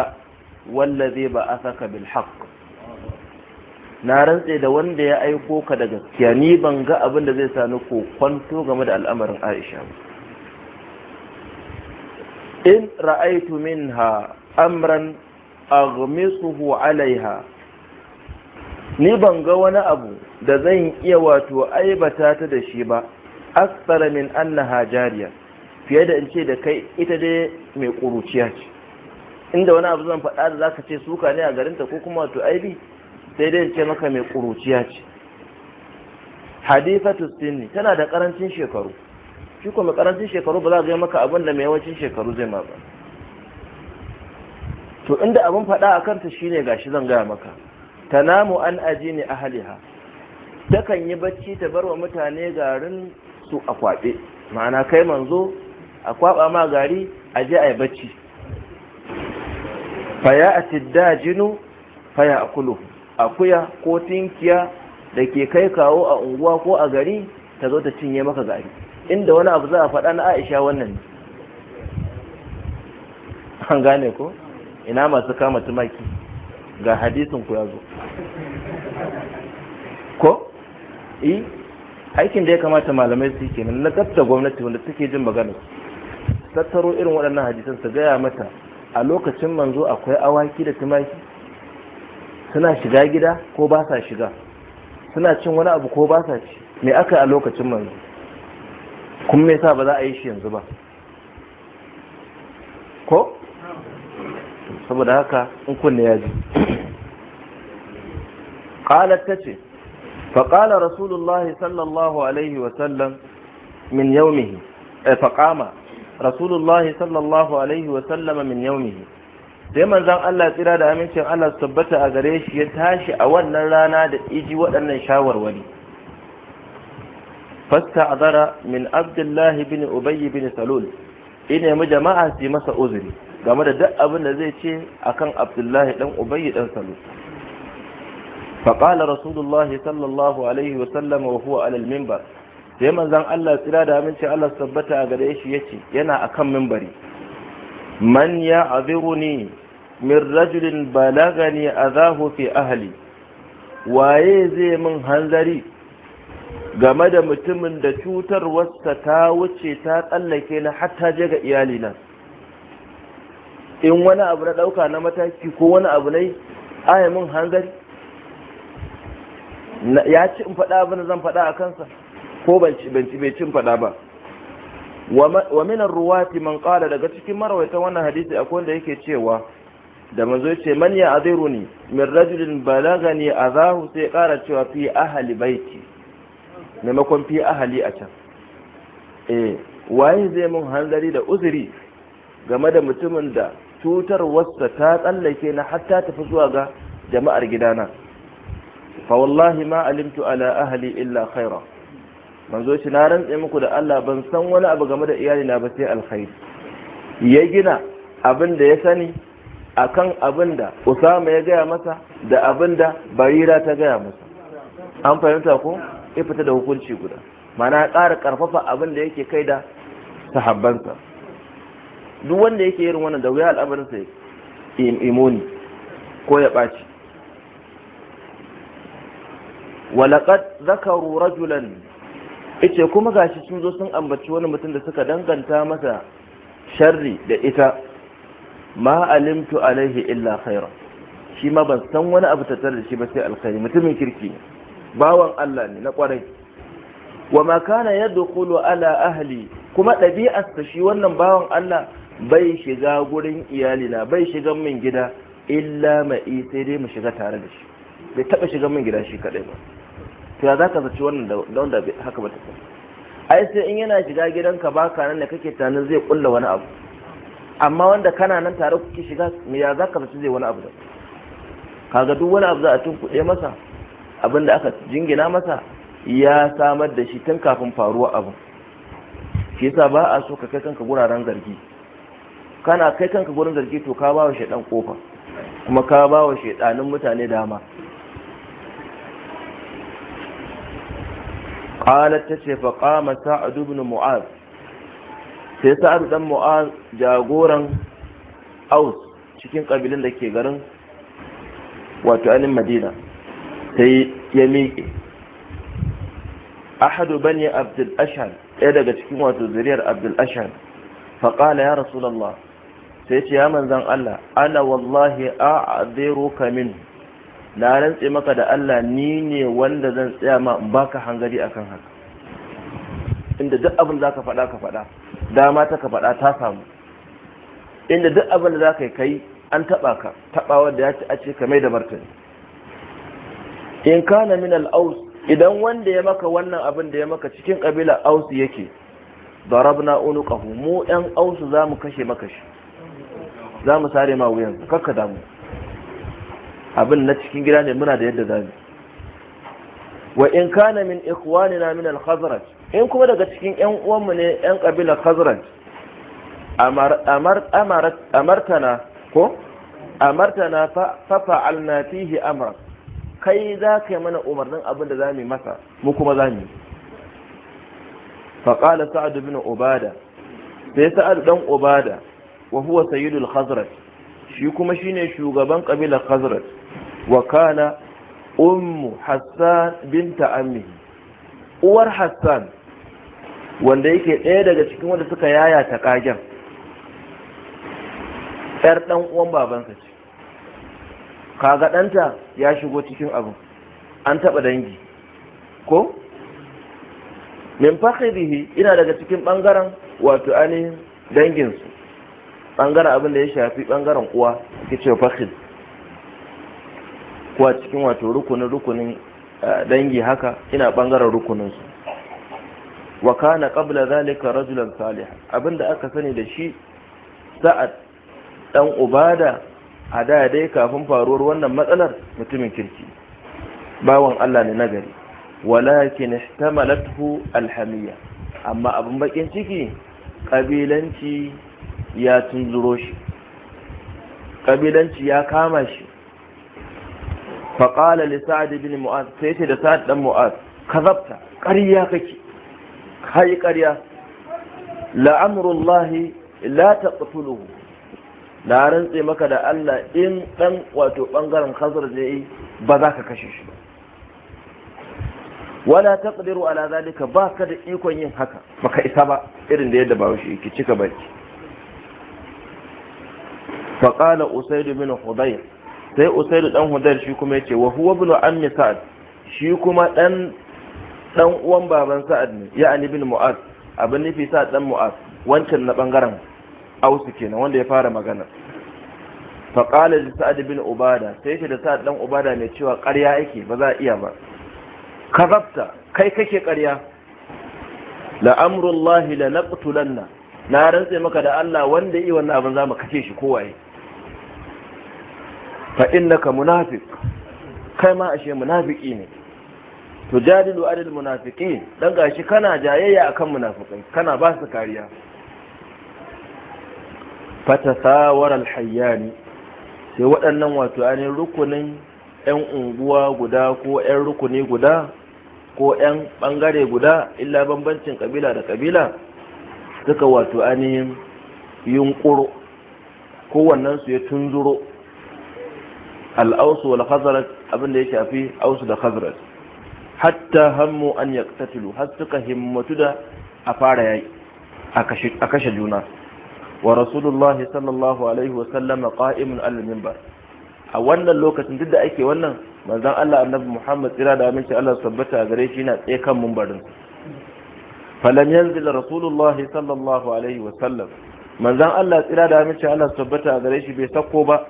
wallazi ba'athaka bil haqq na rantse da wanda ya aiko ka da gaskiya ni ban ga abin da zai sani ko kwanto game da al'amarin aisha in ra'aitu minha amran aghmisuhu 'alayha ni ban ga wani abu da zan iya wato aibata ta da shi ba asfara min annaha jariya fiye da in ce da kai ita dai mai ƙuruciya ce inda wani abu zan faɗa da zaka ce suka ne a garinta ko kuma wato aibi sai dai ce maka mai ƙuruciya ce hadifa sinni tana da ƙarancin shekaru shi kuma ƙarancin shekaru ba za zai maka abin da mai yawancin shekaru zai ma ba to inda abin faɗa a kanta shi shine gashi zan gaya maka ta namu an aji ajini Ta takan yi bacci ta bar wa mutane garin su a kwaɓe ma'ana kai manzo a kwaɓa ma gari a je a yi bacci faya a jinu faya a kulu akuya ko tinkiya da ke kai kawo a unguwa ko a gari ta zo ta cinye maka gari inda wani abu za a faɗa na aisha wannan ne. an gane ko ina masu kama tumaki ga hadisin ku ya zo ko i aikin da ya kamata malamai su nan, na gabta gwamnati wanda suke jin magana tattaro irin waɗannan hadisan su gaya mata a lokacin manzo akwai awaki da tumaki suna shiga gida ko ba sa shiga suna cin wani abu ko ba sa ci me aka a lokacin manzo kuma me yasa ba za a yi shi yanzu ba ko saboda haka in kunne ya ji qalat tace fa qala rasulullahi sallallahu alaihi wa sallam min yawmihi eh, fa qama rasulullahi sallallahu alaihi wa sallama min yawmihi sai manzon Allah tsira da amincin Allah su tabbata a gare shi ya tashi a wannan rana da iji waɗannan shawarwari Fasta zara, min Abdullahi bin Ubay bin Salul ina mu jama'a su masa uzuri game da duk abin da zai ce akan Abdullahi dan Ubay dan Salul فقال رسول sallallahu alaihi الله wa huwa وهو على المنبر sai manzon Allah tsira da amincin Allah su tabbata a gare shi ya ce, yana akan mimbari. man ya aziruni min rajulin balagani azahu fi ahli waye zai min hanzari game da mutumin da cutar cutarwarsa ta wuce ta tsallake na hatta je ga iyalina in wani abu na ɗauka na mataki ko wani abu na yi min hanzari ya ci in faɗa abin da zan faɗa a kansa ko ban ci bai ci in faɗa ba wa minan ruwati man qala daga cikin marawaita wannan hadisi akwai wanda yake cewa da manzo yace man ya adiruni, min rajulin balagani azahu sai kara cewa fi ahli baiti maimakon fi ahli a can eh waye zai mun hanzari da uzuri game da mutumin da cutar wasta ta tsallake na hatta tafi zuwa ga jama'ar gidana fa wallahi ma alimtu ala ahli illa khaira manzo shi na rantse muku da Allah ban san wani abu game da iyali na ba sai alkhairi ya gina abin da ya sani akan abin da Usama ya gaya masa da abin da Barira ta gaya masa an fahimta ko ya fita da hukunci guda mana ƙara karfafa abin da yake kai da sahabbansa duk wanda yake irin wannan da wuya al'amarinsa imoni ko ya ɓaci walaƙad zakaru rajulan ita kuma gashi sun zo sun ambaci wani mutum da suka danganta masa sharri da ita ma alimtu alaihi illa khaira shi ma ban san wani abu tattar da shi ba sai alkhairi mutumin kirki bawan Allah ne na kwarai wa ma kana yadkhulu ala ahli kuma ɗabi'arsa shi wannan bawan Allah bai shiga gurin iyali na bai shiga min gida illa ma'i sai dai mu shiga tare da shi bai taba shiga min gida shi kadai ba to ya za ka zaci wannan da wanda haka ba ta ai sai in yana shiga gidanka ba ka nan da kake tunanin zai kulla wani abu amma wanda kana nan tare kuke shiga me ya za ka zaci zai wani abu da kaga duk wani abu za a tunkuɗe masa abin da aka jingina masa ya samar da shi tun kafin faruwa abu shi yasa ba a so ka kai kanka guraren zargi kana kai kanka gurin zargi to ka ba wa shaidan kofa kuma ka ba wa shaidanin mutane dama qalat tace fa qama sa'd ibn sai sa'ad dan mu'az jagoran aus cikin kabilan da ke garin wato anin madina sai ya miƙe ahadu bani abdul Ashan, ɗaya daga cikin wato zuriyar abdul ashar faƙala ya rasulallah sai ce ya manzan allah ana wallahi a ka min na rantse maka da Allah ni ne wanda zan tsaya ma in baka hangari akan haka inda duk abin za ka faɗa ka faɗa dama ta ka faɗa ta samu inda duk abin da za ka yi kai an taɓa ka taɓawar da ya ci a ce ka mai da martani in kana min al'aus idan wanda ya maka wannan abin da ya maka cikin ƙabila aus yake darabna unuqahu mu ɗan ausu za mu kashe maka shi za mu sare ma wuyan kakka damu abin na cikin gida ne muna da yadda zamu wa in kana min ikhwanina min al-khazraj in kuma daga cikin yan uwanmu ne yan kabilar khazraj amar amar amartana ko amartana fa fa'alna fihi amra kai za ka yi mana umarnin abin da za mu masa mu kuma za mu qala sa'adu bin ubada sai sa'adu dan ubada wa huwa sayyidul khazraj shi kuma shine shugaban kabilar khazraj wa kana ummu hassan binta ammihi uwar hassan wanda yake ɗaya daga cikin wanda suka yaya ta kagen. ‘yar ɗan uwan babansa ce kaga ɗanta ya shigo cikin abin an taɓa dangi ko min fakhirihi ina daga cikin ɓangaren wato ainihin danginsu ɓangaren abin da ya shafi ɓangaren uwa ke ce fakhir Kuwa cikin wato rukunin rukunin dangi haka ina bangaren rukunin su wa kana qabla zalika rajulan salih abinda aka sani da shi sa'ad dan ubada a da dai kafin faruwar wannan matsalar mutumin kirki bawan Allah ne nagari walakin ihtamalathu alhamiyya amma abin bakin ciki kabilanci ya tunzuro shi kabilanci ya kama shi faƙala li sa'ad bin mu'az sai ce da sa'ad dan mu'az kazabta ƙarya kake kai ƙarya la amrullahi la taqtuluhu na rantse maka da Allah in ɗan wato bangaren khazar ne ba za ka kashe shi wala taqdiru ala zalika ba ka da ikon yin haka baka isa ba irin da yadda ba shi ki cika baki fa qala usayd bin hudayr sai usaidu dan hudar shi kuma ce, wa huwa ibn ammi sa'ad shi kuma dan dan uwan baban sa'ad ne ya'ani bin mu'az abin nufi sa'ad dan mu'az wancan na bangaren ausu kenan wanda ya fara magana fa qala li sa'ad bin ubada sai shi da sa'ad dan ubada mai cewa ƙarya yake ba za a iya ba kazabta kai kake ƙarya la amrullahi la na rantse maka da Allah wanda yi wannan abin zamu kace shi yake fa innaka munafiq kai ma ashe munafiki ne to jadilu adil munafiqin dan gashi kana jayayya akan munafikai kana ba su kariya fatasawar alhayyani sai waɗannan wato ainihin rukunin 'yan unguwa guda ko 'yan rukuni guda ko 'yan ɓangare guda illa bambancin ƙabila da ƙabila suka wato ainihin yunƙuro kowannensu ya tunzuro al'ausu wa khazraj abin da ya shafi ausu da khazraj hatta hammu an yaqtatilu har suka himmatu da a fara yayi a kashe juna wa rasulullahi sallallahu alaihi wa sallam qa'imun al minbar a wannan lokacin duk da ake wannan manzon Allah annabi Muhammad tsira da aminci Allah sabbata a gare shi na tsaye kan mimbarin falam da rasulullahi sallallahu alaihi wa sallam manzon Allah tsira da aminci Allah sabbata a gare shi bai sako ba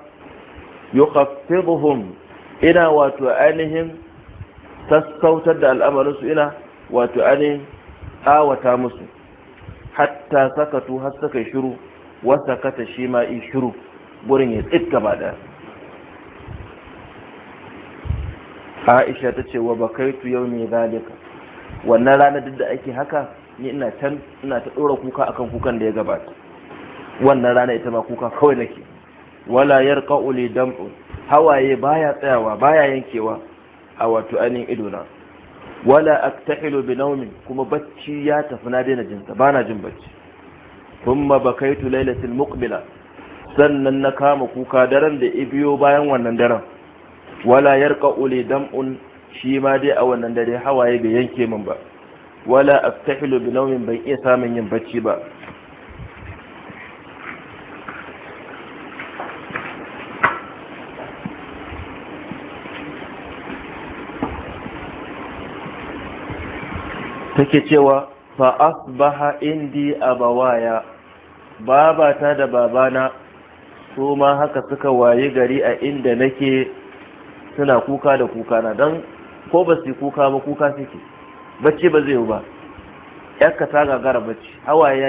yukhaffiduhum ina wato ainihin sassautar da al'amarinsu ina wato ainihin awata musu hatta sakatu har suka shiru wata kata shi ma in shiru gurin ya tsit gaba aisha ta ce wa bakaitu yau ne zalika wannan ranar duk da ake haka ni ina can ina ta ɗora kuka akan kukan da ya gabata wannan rana ita ma kuka kawai nake wala yar li dam'un hawaye baya tsayawa baya yankewa a wato anin idona wala aktahilu bi naumin kuma bacci ya tafi na daina jinsa bana jin bacci kai tu lailatul muqbila sannan na kama kuka daren da ibiyo bayan wannan daren wala yar li dam'un shi ma dai a wannan dare hawaye bai yanke min ba wala aktahilu bi naumin ban iya samun yin bacci ba take cewa fa asbaha indi abawaya babata da babana su ma haka suka wayi gari a inda nake suna kuka da kuka na dan ko ba su kuka ba kuka suke bacci ba zai ba yakka ta gagara bacci hawaye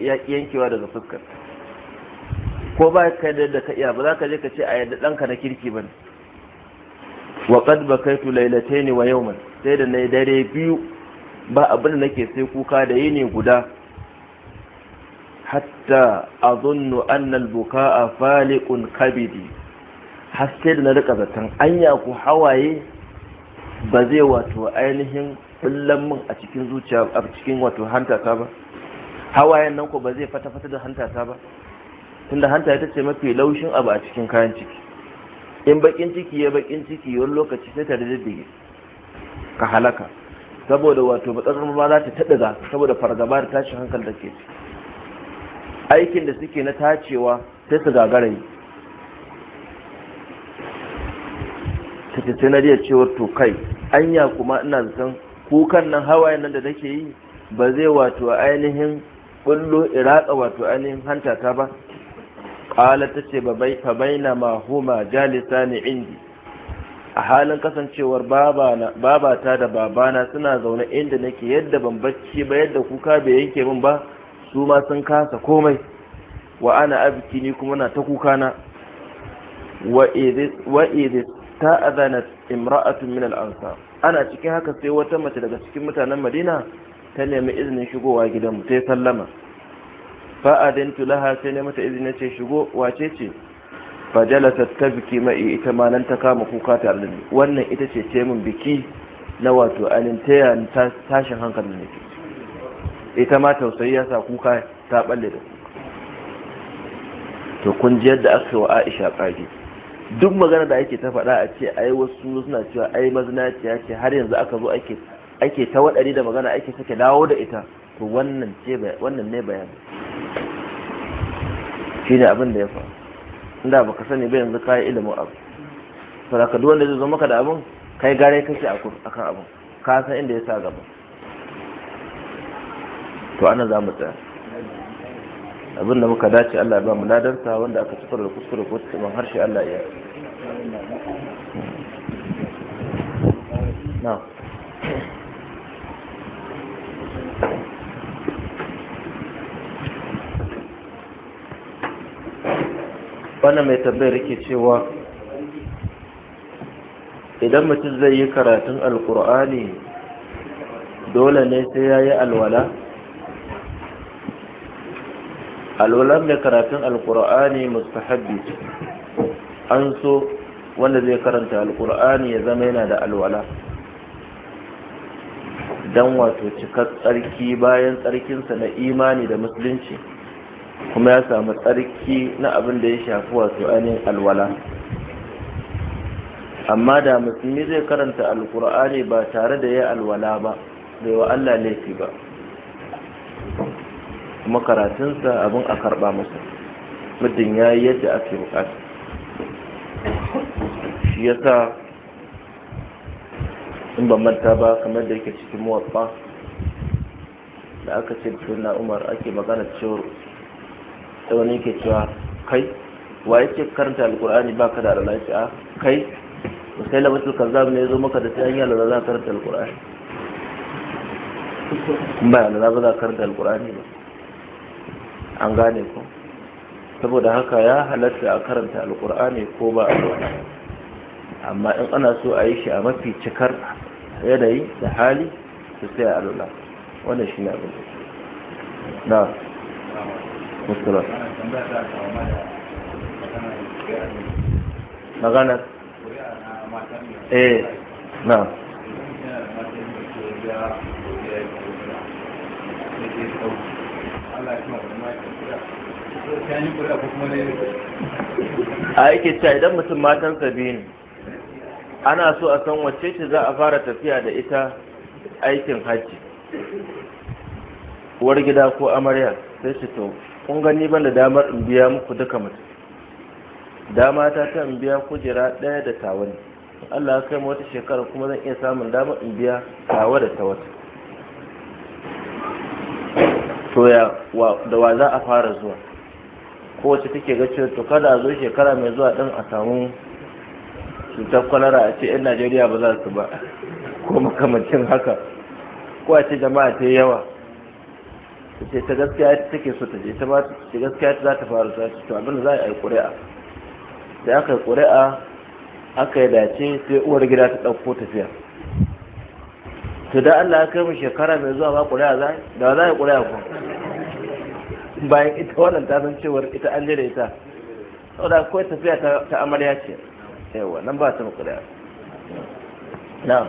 ya yankewa daga fuskar ko ba ka da ka iya ba za ka je ka ce a yadda ɗanka na kirki ba ne wa qad bakaitu laylatayn wa yawman sai da nayi dare biyu ba abin da nake sai kuka da yini guda hatta azunnu anna buka bukaa faliqun kabidi har sai da na rika zaton anya ku hawaye ba zai wato ainihin kullan min a cikin zuciya a cikin wato hantata ba hawayen nan ku ba zai fata-fata da hantata ba tunda hanta ita ce mafi laushin abu a cikin kayan ciki in bakin ciki ya bakin ciki wani lokaci sai ta diddige ka halaka saboda wato matsalar ma za ta taɗa saboda fargaba da tashin hankali da ke aikin da suke na tacewa sai su gagara yi ta ce sanadiyar cewar to kai anya kuma ina zaton kukan nan hawayen nan da nake yi ba zai wato ainihin bullo iraka wato ainihin hanta ta ba ƙala ba ce fa baina ma huma jalisa ne indi a halin kasancewar babata da babana suna zaune inda nake yadda ban bacci ba yadda kuka bai yanke min ba su ma sun kasa komai wa ana abiki ni kuma na ta kuka na wa idis ta azana imra'atun min al'ansa ana cikin haka sai wata mace daga cikin mutanen madina ta nemi izinin shigowa gidanmu sai sallama fa'adin tulaha sai ne mata izinin ce shigo wace ce fajalasa ta biki mai ita ma nan ta kama kuka tare da ni wannan ita ce ce min biki na wato ainihin taya tashin hankalin ne ita ma tausayi ya sa kuka ta balle da to kun ji yadda aka wa Aisha kage duk magana da ake ta faɗa a ce ai wasu suna cewa ai mazinaciya ce har yanzu aka zo ake ake ta wadari da magana ake sake dawo da ita to wannan ce wannan ne shine abin da ya faru inda baka sani ba yanzu ka yi ilimin abu saboda ka duk wanda zai zo maka da abun kai gare kake a kan abun ka san inda ya sa gaba to ana za mu tsaya abin da muka dace Allah ya ba mu ladarsa wanda aka cikar da kuskure ko tsimin harshe Allah ya na wannan mai tambayar yake cewa idan mutum zai yi karatun alkur'ani dole ne sai ya yi alwala alwala mai karatun alkur'ani mustahabbi an so wanda zai karanta alkur'ani ya zama yana da alwala don wato cikar tsarki bayan tsarkinsa na imani da musulunci kuma ya samu tsarki na abin da ya shafi wasu ainihin alwala amma da musulmi zai karanta alkur'ani ba tare da ya alwala ba bai wa allah laifi ba kuma karatunsa abin a karba masa muddin ya yi yadda ake bukata shi ya sa in ba manta ba kamar da yake cikin muwaffa da aka ce na umar ake magana cewar sai wani yake cewa kai wa yake karanta alkur'ani ba ka da alala ce a ah, kai sai labatul kazzab ne ya zo maka da ta hanyar da za karanta alkur'ani ba da ba za ka karanta alkur'ani ba an gane ku saboda haka ya halatta a karanta alkur'ani ko ba a amma in ana so a yi shi a mafi cikar yanayi da hali su sai a alula wannan shi ne abin da na alaikum eh, na a yake cewa idan mutum matan biyu ne ana so a san wacce ce za a fara tafiya da ita aikin hajji uwar ko amarya sai shi to kun gani ban da damar in biya muku duka mutum dama ta ta in biya kujera ɗaya da tawa ne Allah ya kai wata shekara kuma zan iya samun damar in biya tawa da ta to ya da wa za a fara zuwa kowace take ga cewa to kada a zo shekara mai zuwa ɗin a samu cutar kwalara a ce 'yan najeriya ba za su ba ko makamancin haka ko a ce jama'a ta yawa ce ta gaskiya ta take so ta je ta ba ta gaskiya ta za ta faru ta ce to abin da za a yi ƙuri'a da aka yi ƙuri'a aka yi dace sai uwar gida ta ɗauko tafiya to da Allah ya kai mu shekara mai zuwa ba ƙuri'a za da za a yi ƙuri'a ko bayan ita wannan ta san cewar ita an jira ita saboda kawai tafiya ta amarya ce yawa nan ba ta ƙuri'a na'am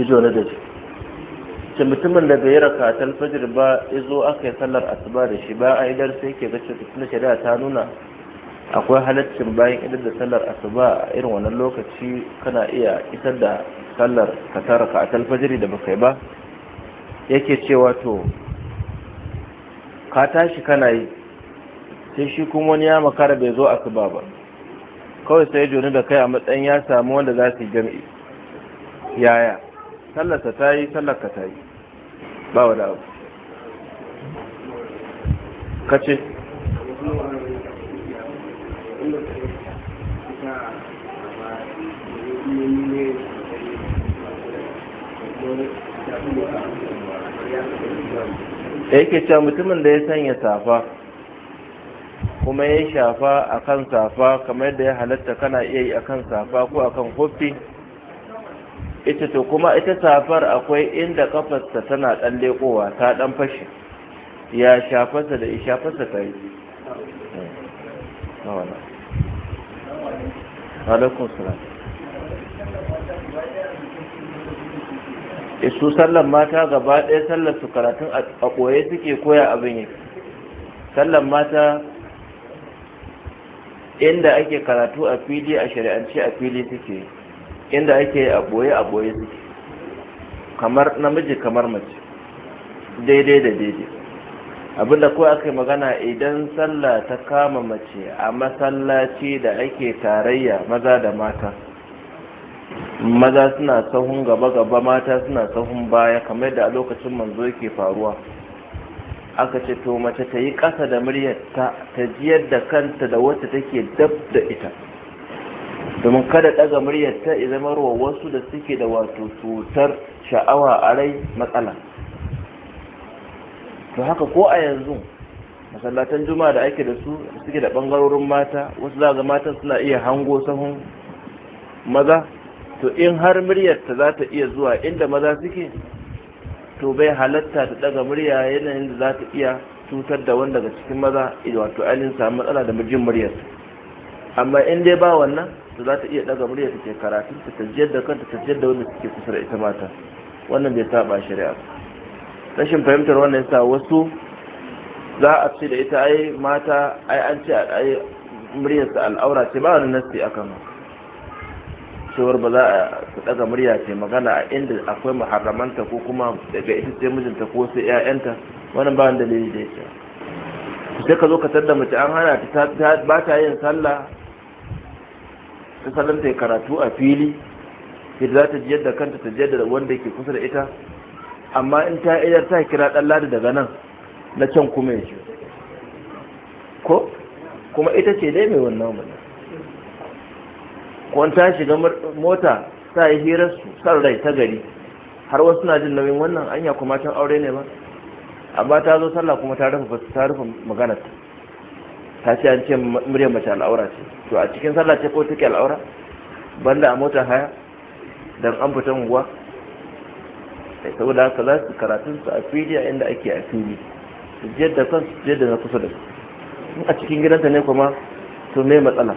ijo na da shi mutumin da bai raka talfajir ba izo aka yi sallar asuba da shi ba a idar sai ke gace tun shari'a ta nuna akwai halaccin bayan idar da sallar asuba a irin wannan lokaci kana iya isar da sallar ka ta raka talfajiri da baka yi ba yake cewa to ka tashi kana yi sai shi kuma wani ya makara bai zo asuba ba kawai sai joni da kai a matsayin ya samu wanda za su yi jam'i yaya tallata ta yi sallarka ta yi ba wa da abu kace da yake cewa mutumin da ya sanya safa kuma ya shafa a kan safa kamar yadda ya halatta kana iya yi a kan safa ko a kan kofi ita to kuma ita safar akwai inda kafarsa tana ɗan leƙowa ta ɗan fashe ya shafarsa da ishafarsa ta yi isu eh, sallan mata gaba ɗaya sallar su karatun a koye suke koya abin yi sallan mata inda ake karatu a fili a shari'ance a fili suke inda ake a boye a boye suke kamar namiji kamar mace daidai da daidai abinda ko aka yi magana idan sallah ta kama mace a masallaci da ake tarayya maza da mata maza suna sahun gaba-gaba mata suna sahun baya kamar da a lokacin manzo yake faruwa aka ce to mace ta yi ƙasa da muryarta ta jiyar da kanta da wata take dab da ita domin kada ɗaga muryarta ya zama ruwa wasu da suke da wato cutar sha'awa a rai matsala to haka ko a yanzu masallatan juma da ake da su suke da ɓangarorin mata wasu za ga matan suna iya hango sahun maza to in har muryarta za ta iya zuwa inda maza suke to bai halatta ta daga murya yanayin da za ta iya cutar da wanda daga cikin maza eh, wato ainihin samu matsala da mijin muryarsa amma in dai ba wannan to za ta iya daga murya ta ke karatu ta tajiyar da kanta ta tajiyar da wanda suke kusa da ita mata wannan bai saba shari'a rashin fahimtar wannan yasa wasu za a ce da ita ai mata ai an ce ai muryarsa al'aura ce ba wani nasti a haka cewar ba za a daga murya ce magana a inda akwai muharramanta ko kuma daga ita ce mijinta ko sai ƴaƴanta wannan ba dalili da yake sai ka zo ka tadda mace an hana ta ba ta yin sallah ta sallan ta karatu a fili ita za ta ji yadda kanta ta ji yadda wanda ke kusa da ita amma in ta iya ta kira ɗan ladi daga nan na can kuma ya ko kuma ita ce dai mai wannan wani. ko ta shiga mota ta yi hirar su san rai ta gari har wasu na jin nauyin wannan anya kuma can aure ne ba amma ta zo sallah kuma ta rufe ta rufe magana ta ce an ce muryar mace al'aura ce to a cikin sallah ce ko take al'aura banda a mota haya dan an fita unguwa sai saboda haka za su karatun su a fili a inda ake a fili su jiyar da kansu su jiyar da na kusa da su a cikin gidanta ne kuma to me matsala